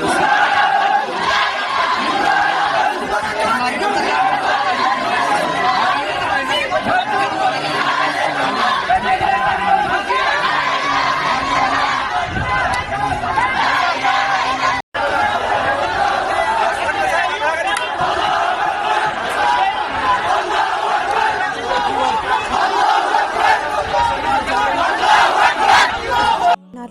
tus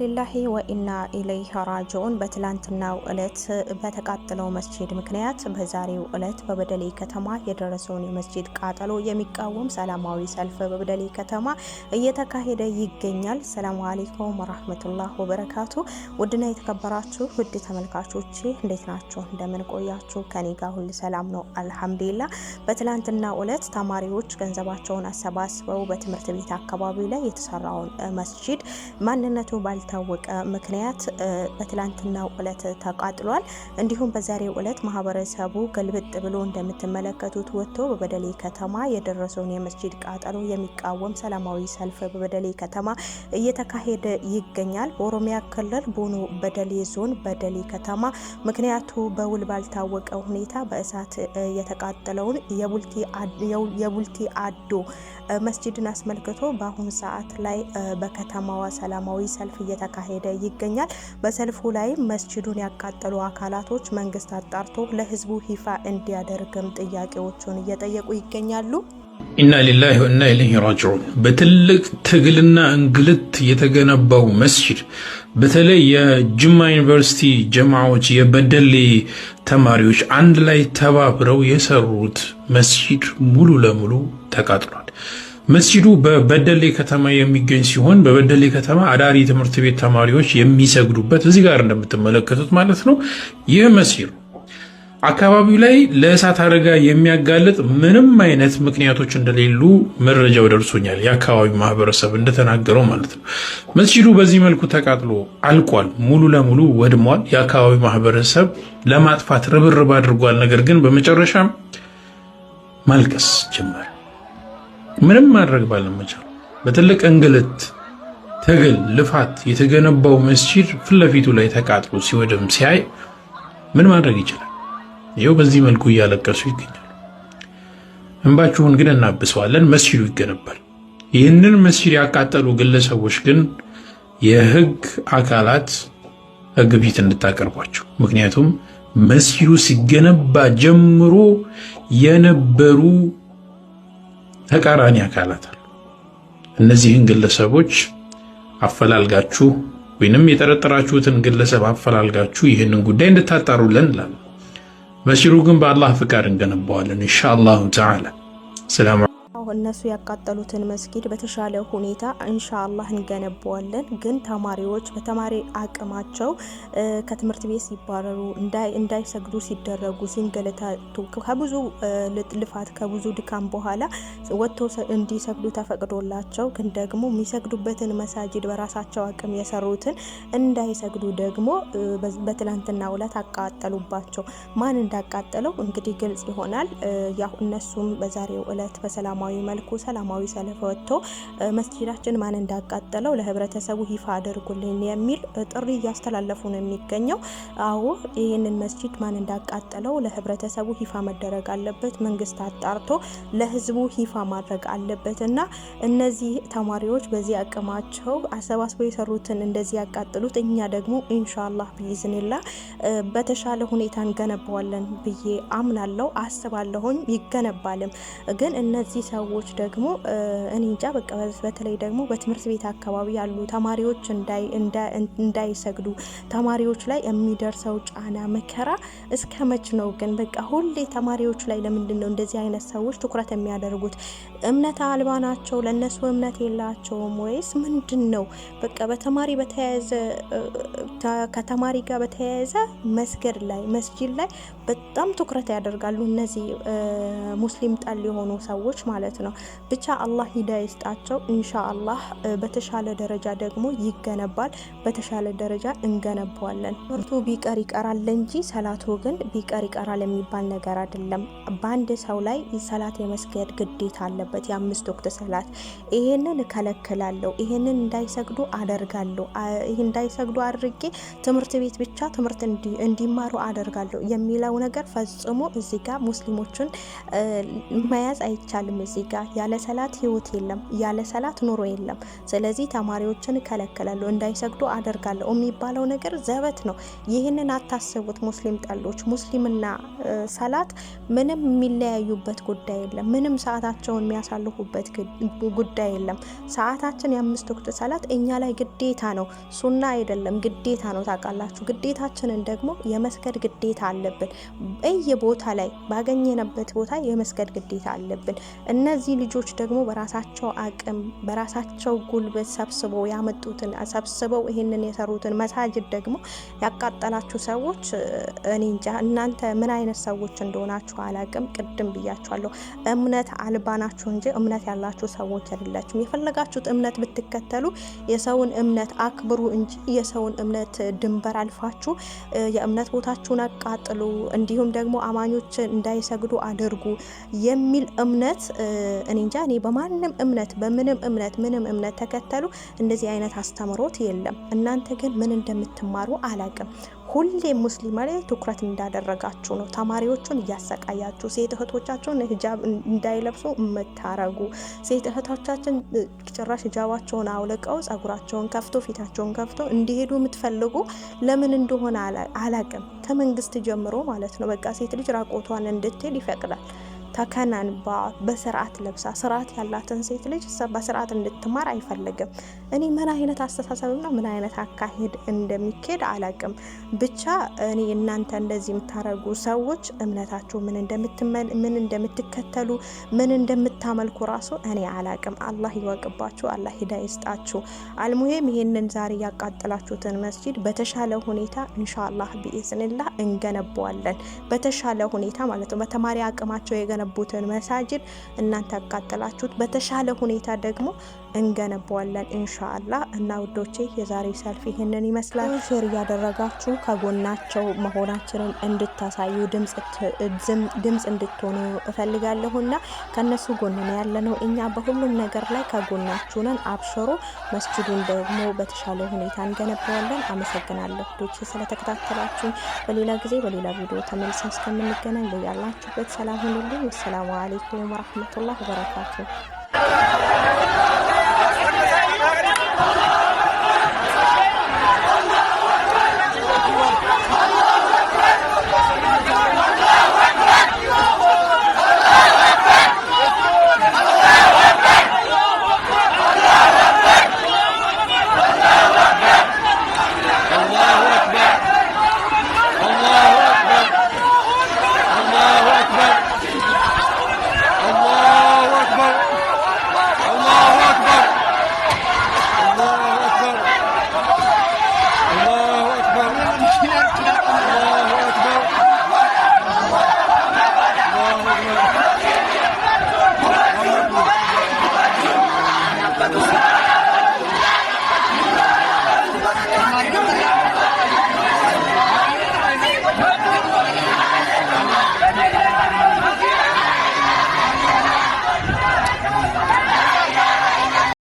ሊላሂ ወኢና ኢለይህ ራጂዑን በትላንትናው ዕለት በተቃጠለው መስጂድ ምክንያት በዛሬው ዕለት በበደሌ ከተማ የደረሰውን የመስጂድ ቃጠሎ የሚቃወም ሰላማዊ ሰልፍ በበደሌ ከተማ እየተካሄደ ይገኛል። ሰላሙ አሌይኩም ወራህመቱላህ ወበረካቱ። ውድና የተከበራችሁ ውድ ተመልካቾች እንዴት ናችሁ? እንደምን ቆያችሁ? ከኔ ጋር ሁሉ ሰላም ነው አልሐምዱሊላ። በትላንትናው ዕለት ተማሪዎች ገንዘባቸውን አሰባስበው በትምህርት ቤት አካባቢ ላይ የተሰራውን መስጂድ ማንነቱ ባልታ ያልታወቀ ምክንያት በትላንትናው እለት ተቃጥሏል። እንዲሁም በዛሬው እለት ማህበረሰቡ ገልብጥ ብሎ እንደምትመለከቱት ወጥቶ በበደሌ ከተማ የደረሰውን የመስጂድ ቃጠሎ የሚቃወም ሰላማዊ ሰልፍ በበደሌ ከተማ እየተካሄደ ይገኛል። በኦሮሚያ ክልል ቦኖ በደሌ ዞን በደሌ ከተማ ምክንያቱ በውል ባልታወቀ ሁኔታ በእሳት የተቃጠለውን የቡልቲ አዶ መስጂድን አስመልክቶ በአሁኑ ሰዓት ላይ በከተማዋ ሰላማዊ ሰልፍ እየተካሄደ ይገኛል። በሰልፉ ላይ መስጅዱን ያቃጠሉ አካላቶች መንግስት አጣርቶ ለህዝቡ ይፋ እንዲያደርግም ጥያቄዎቹን እየጠየቁ ይገኛሉ። ኢና ሊላሂ ወኢና ኢለይሂ ራጂዑን። በትልቅ ትግልና እንግልት የተገነባው መስጂድ በተለይ የጅማ ዩኒቨርሲቲ ጀማዎች የበደሌ ተማሪዎች አንድ ላይ ተባብረው የሰሩት መስጅድ ሙሉ ለሙሉ ተቃጥሏል። መስጂዱ በበደሌ ከተማ የሚገኝ ሲሆን በበደሌ ከተማ አዳሪ ትምህርት ቤት ተማሪዎች የሚሰግዱበት እዚህ ጋር እንደምትመለከቱት ማለት ነው። ይህ መስጂድ አካባቢው ላይ ለእሳት አደጋ የሚያጋልጥ ምንም አይነት ምክንያቶች እንደሌሉ መረጃው ደርሶኛል። የአካባቢው ማህበረሰብ እንደተናገረው ማለት ነው። መስጂዱ በዚህ መልኩ ተቃጥሎ አልቋል፣ ሙሉ ለሙሉ ወድሟል። የአካባቢው ማህበረሰብ ለማጥፋት ርብርብ አድርጓል። ነገር ግን በመጨረሻም ማልቀስ ጀመረ። ምንም ማድረግ ባለመቻል በትልቅ እንግልት፣ ትግል፣ ልፋት የተገነባው መስጂድ ፊት ለፊቱ ላይ ተቃጥሎ ሲወድም ሲያይ ምን ማድረግ ይችላል? ይኸው በዚህ መልኩ እያለቀሱ ይገኛሉ። እንባችሁን ግን እናብሰዋለን፣ መስጂዱ ይገነባል። ይህንን መስጂድ ያቃጠሉ ግለሰቦች ግን የህግ አካላት ህግ ፊት እንድታቀርቧቸው። ምክንያቱም መስጂዱ ሲገነባ ጀምሮ የነበሩ ተቃራኒ አካላት አሉ። እነዚህን ግለሰቦች አፈላልጋችሁ ወይንም የጠረጠራችሁትን ግለሰብ አፈላልጋችሁ ይህንን ጉዳይ እንድታጣሩለን እላለሁ። መሲሩ ግን በአላህ ፍቃድ እንገነባዋለን ኢንሻአላሁ ተዓላ። እነሱ ያቃጠሉትን መስጊድ በተሻለ ሁኔታ እንሻአላህ እንገነባዋለን። ግን ተማሪዎች በተማሪ አቅማቸው ከትምህርት ቤት ሲባረሩ እንዳይሰግዱ ሲደረጉ ሲንገለታቱ ከብዙ ልፋት ከብዙ ድካም በኋላ ወጥቶ እንዲሰግዱ ተፈቅዶላቸው ግን ደግሞ የሚሰግዱበትን መሳጅድ በራሳቸው አቅም የሰሩትን እንዳይሰግዱ ደግሞ በትላንትና ዕለት አቃጠሉባቸው። ማን እንዳቃጠለው እንግዲህ ግልጽ ይሆናል። ያው እነሱም በዛሬው ዕለት በሰላማዊ መልኩ ሰላማዊ ሰልፍ ወጥቶ መስጂዳችን ማን እንዳቃጠለው ለህብረተሰቡ ይፋ አድርጉልን የሚል ጥሪ እያስተላለፉ ነው የሚገኘው። አዎ ይህንን መስጂድ ማን እንዳቃጠለው ለህብረተሰቡ ይፋ መደረግ አለበት። መንግስት አጣርቶ ለህዝቡ ይፋ ማድረግ አለበት እና እነዚህ ተማሪዎች በዚህ አቅማቸው አሰባስበው የሰሩትን እንደዚህ ያቃጥሉት፣ እኛ ደግሞ ኢንሻላህ ቢዝኒላ በተሻለ ሁኔታ እንገነባዋለን ብዬ አምናለው አስባለሁኝ። ይገነባልም ግን እነዚህ ሰው ሰዎች ደግሞ እኔ እንጃ በቃ በተለይ ደግሞ በትምህርት ቤት አካባቢ ያሉ ተማሪዎች እንዳይሰግዱ ተማሪዎች ላይ የሚደርሰው ጫና መከራ እስከ መች ነው ግን? በቃ ሁሌ ተማሪዎች ላይ ለምንድን ነው እንደዚህ አይነት ሰዎች ትኩረት የሚያደርጉት? እምነት አልባ ናቸው? ለእነሱ እምነት የላቸውም ወይስ ምንድን ነው? በቃ በተማሪ በተያያዘ ከተማሪ ጋር በተያያዘ መስገድ ላይ መስጂድ ላይ በጣም ትኩረት ያደርጋሉ እነዚህ ሙስሊም ጠል የሆኑ ሰዎች ማለት ነው። ነው። ብቻ አላህ ሂዳ ይስጣቸው። ኢንሻ አላህ በተሻለ ደረጃ ደግሞ ይገነባል። በተሻለ ደረጃ እንገነባዋለን። ትምህርቱ ቢቀር ይቀራል እንጂ ሰላቱ ግን ቢቀር ይቀራል የሚባል ነገር አይደለም። በአንድ ሰው ላይ ሰላት የመስገድ ግዴታ አለበት፣ የአምስት ወቅት ሰላት። ይሄንን እከለክላለሁ፣ ይሄንን እንዳይሰግዱ አደርጋለሁ፣ እንዳይሰግዱ አድርጌ ትምህርት ቤት ብቻ ትምህርት እንዲማሩ አደርጋለሁ የሚለው ነገር ፈጽሞ እዚህ ጋር ሙስሊሞችን መያዝ አይቻልም እዚህ እዚህ ጋር ያለ ሰላት ህይወት የለም፣ ያለ ሰላት ኑሮ የለም። ስለዚህ ተማሪዎችን እከለክላለሁ፣ እንዳይሰግዱ አደርጋለሁ የሚባለው ነገር ዘበት ነው። ይህንን አታስቡት ሙስሊም ጠሎች። ሙስሊምና ሰላት ምንም የሚለያዩበት ጉዳይ የለም። ምንም ሰዓታቸውን የሚያሳልፉበት ጉዳይ የለም። ሰዓታችን የአምስት ወቅት ሰላት እኛ ላይ ግዴታ ነው፣ ሱና አይደለም፣ ግዴታ ነው። ታውቃላችሁ፣ ግዴታችንን ደግሞ የመስገድ ግዴታ አለብን። በየ ቦታ ላይ ባገኘነበት ቦታ የመስገድ ግዴታ አለብን። እነዚህ ልጆች ደግሞ በራሳቸው አቅም በራሳቸው ጉልበት ሰብስበው ያመጡትን ሰብስበው ይህንን የሰሩትን መሳጅድ ደግሞ ያቃጠላችሁ ሰዎች እኔ እንጃ እናንተ ምን አይነት ሰዎች እንደሆናችሁ አላቅም። ቅድም ብያችኋለሁ፣ እምነት አልባ ናችሁ እንጂ እምነት ያላችሁ ሰዎች አይደላችሁም። የፈለጋችሁት እምነት ብትከተሉ የሰውን እምነት አክብሩ እንጂ የሰውን እምነት ድንበር አልፋችሁ የእምነት ቦታችሁን አቃጥሉ፣ እንዲሁም ደግሞ አማኞች እንዳይሰግዱ አድርጉ የሚል እምነት እኔ እንጃ እኔ በማንም እምነት በምንም እምነት ምንም እምነት ተከተሉ እንደዚህ አይነት አስተምሮት የለም። እናንተ ግን ምን እንደምትማሩ አላቅም። ሁሌ ሙስሊም ላይ ትኩረት እንዳደረጋችሁ ነው። ተማሪዎቹን እያሰቃያችሁ፣ ሴት እህቶቻቸውን ሂጃብ እንዳይለብሱ የምታረጉ ሴት እህቶቻችን ጭራሽ ሂጃባቸውን አውልቀው ጸጉራቸውን ከፍቶ ፊታቸውን ከፍቶ እንዲሄዱ የምትፈልጉ ለምን እንደሆነ አላቅም። ከመንግስት ጀምሮ ማለት ነው። በቃ ሴት ልጅ ራቆቷን እንድትሄድ ይፈቅዳል። ተከናንባ በስርዓት ለብሳ ስርዓት ያላትን ሴት ልጅ በስርዓት እንድትማር አይፈልግም። እኔ ምን አይነት አስተሳሰብና ምን አይነት አካሄድ እንደሚካሄድ አላቅም። ብቻ እኔ እናንተ እንደዚህ የምታደርጉ ሰዎች እምነታችሁ ምን ምን እንደምትከተሉ ምን እንደምታመልኩ ራሱ እኔ አላቅም። አላህ ይወቅባችሁ፣ አላህ ሂዳ ይስጣችሁ። አልሙሄም ይህንን ዛሬ ያቃጠላችሁትን መስጂድ በተሻለ ሁኔታ እንሻላህ ቢኢዝንላህ እንገነባዋለን። በተሻለ ሁኔታ ማለት ነው በተማሪ አቅማቸው የምታነቡትን መሳጅድ እናንተ ያቃጠላችሁት በተሻለ ሁኔታ ደግሞ እንገነባዋለን ኢንሻአላህ። እና ውዶቼ የዛሬ ሰልፍ ይህንን ይመስላል። ሼር እያደረጋችሁ ከጎናቸው መሆናችንን እንድታሳዩ ድምፅ እንድትሆኑ እፈልጋለሁና ከነሱ ጎን ያለ ነው። እኛ በሁሉም ነገር ላይ ከጎናችሁንን አብሽሮ መስጅዱን ደግሞ በተሻለ ሁኔታ እንገነባዋለን። አመሰግናለሁ ውዶቼ ስለተከታተላችሁ። በሌላ ጊዜ በሌላ ቪዲዮ ተመልሰን እስከምንገናኝ በያላችሁበት ሰላም ሁኑልኝ። ወሰላሙ አሌይኩም ወረህመቱላህ ወበረካቱ።